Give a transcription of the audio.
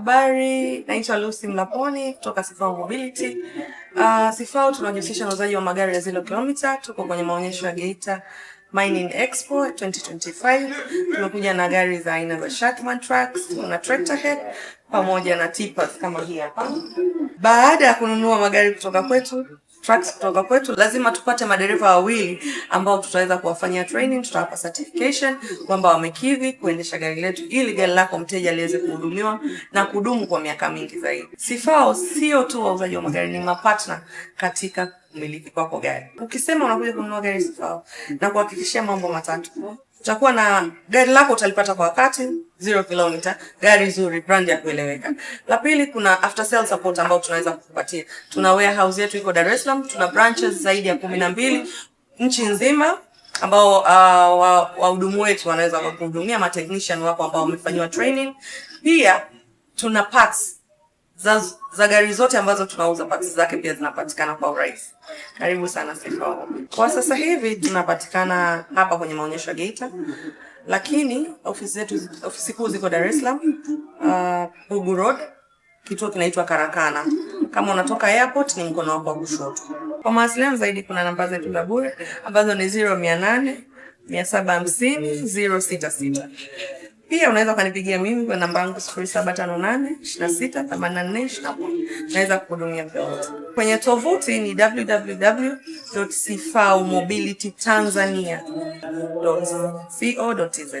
Habari, naitwa Lucy Mlaponi kutoka Sifau Mobility. Uh, ah, Sifao tunajihusisha na uzaji wa magari ya zero kilomita. Tuko kwenye maonyesho ya Geita Mining Expo 2025. Tumekuja na gari za aina za Shatman trucks, tuna tractor head pamoja na tipas kama hii hapa. Baada ya kununua magari kutoka kwetu trucks kutoka kwetu, lazima tupate madereva wawili ambao tutaweza kuwafanyia training, tutawapa certification kwamba wamekidhi kuendesha gari letu, ili gari lako mteja liweze kuhudumiwa na kudumu kwa miaka mingi zaidi. Sifao sio tu wauzaji wa magari, ni mapartner katika kumiliki kwako gari. Ukisema unakuja kununua gari Sifao na kuhakikishia mambo matatu: utakuwa na gari lako utalipata kwa wakati, zero kilomita, gari zuri, brand ya kueleweka. La pili, kuna after sale support ambao tunaweza kukupatia. Tuna warehouse yetu iko Dar es Salaam, tuna branches zaidi ya kumi na mbili nchi nzima ambao uh, wahudumu wa wetu wanaweza kuhudumia. Ma technician wako ambao wamefanyiwa training. Pia tuna parts za, za gari zote ambazo tunauza pati zake pia zinapatikana kwa urahisi. Karibu sana Sifa. Kwa sasa hivi tunapatikana hapa kwenye maonyesho ya Geita, lakini ofisi zetu ofisi kuu ziko Dar es Salaam, uh, Ugu Road, kituo kinaitwa Karakana. Kama unatoka airport ni mkono wako wa kushoto. Kwa mawasiliano zaidi kuna namba zetu za bure ambazo ni 0800 750 066. Pia unaweza ukanipigia mimi kwa namba yangu 0758268421. Naweza kuhudumia vyote. Kwenye tovuti ni www.sifaumobilitytanzania.co.tz.